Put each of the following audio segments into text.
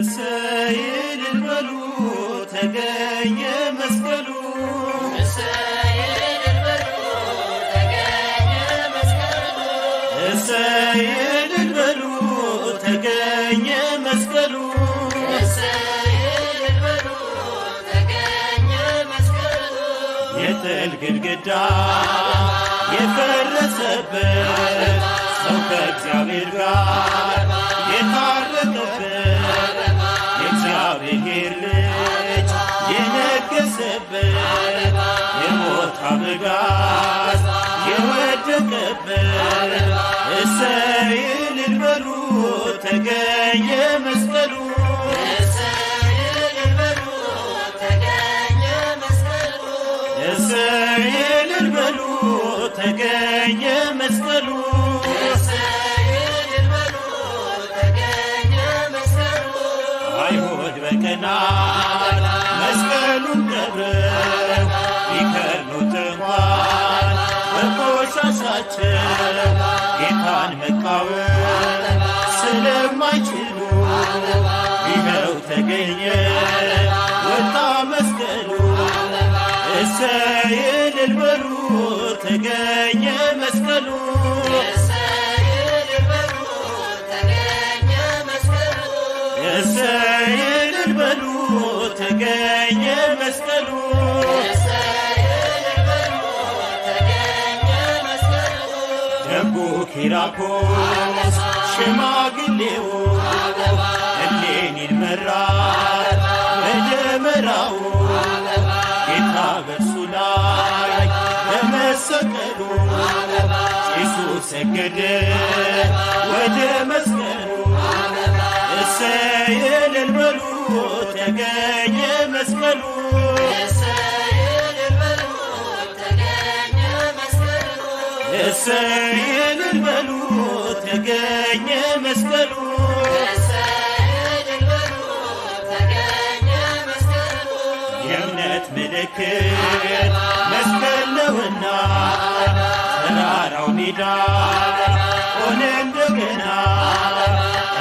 እሰይ እልል ተገኘ መስቀሉ እሰይ ተገኘ መስቀሉ የጥል ግድግዳ የፈረሰበት ሰው ከእግዚአብሔር ጋር የሚደርስብን የሞት አደጋ የወደቀብን እሰይ ልበሉ ተገኘ መስቀሉ እሰይ ልበሉ ተገኘ መስቀሉ አይሁድ በቀና የመስቀሉን ደብረ ቢከድኑት በቆሻሻቸው ጌታን መቃወም ስለማይችሉ ይኸው ተገኘ ወጣ መስቀሉ። እሰይ እልል በሉ ተገኘ መስቀሉ እሰይ በሉ ተገኘ መስቀሉ ደጉ ኪራኮ ሽማግሌው እሌኒን መራ በደመራው ጌታ በእርሱ ላይ በመሰቀሉ ኢየሱስ ሰገደ ወደ መስ መስቀሉ እሰይ በሉ ተገኘ መስቀሉ የእምነት ምልክት መስቀል ነውና ተራራው ሜዳ ሆነ እንደገና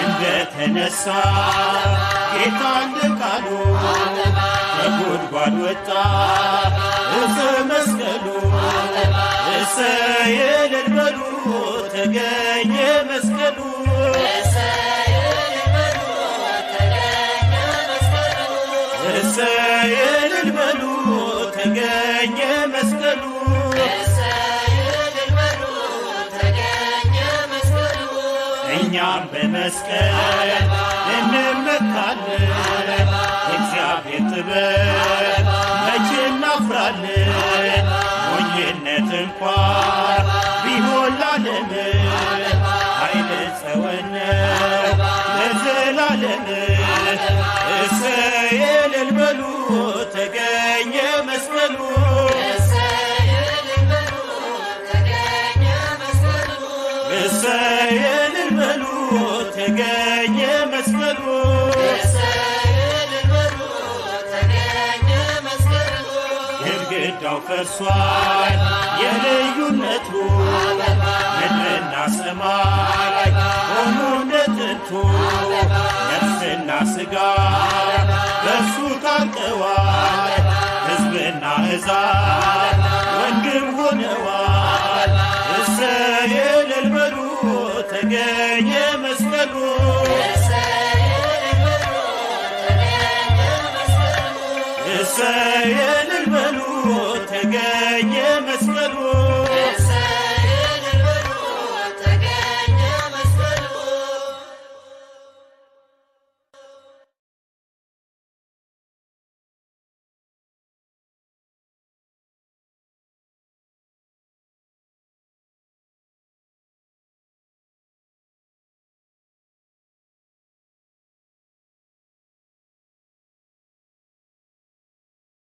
እንደተነሳ ጌታ እንደ ቃሉ ከጉድጓድ ወጣ እሰ መስቀሉ እሰየ እልል ተገኘ መስቀሉ እሰየ ተገኘ መስቀሉ እኛም በመስቀል እንመካለን እግዚአብሔር ጥበብ መቼ እናፍራለን? ሞኝነት እንኳ ቢሆን ላለም ኃይለ ጸወነ ለዘላለም ተገኘ መስቀሉ ግድግዳው ፈርሷል የልዩነቱ ምድርና ሰማይ ሆኖ ነጥቱ ነፍስና ስጋ በእሱ ታርቀዋል ሕዝብና እዛ ወንድም ሆነዋል እስራኤል ልበሉ ተገኘ መስቀሉ እስራኤል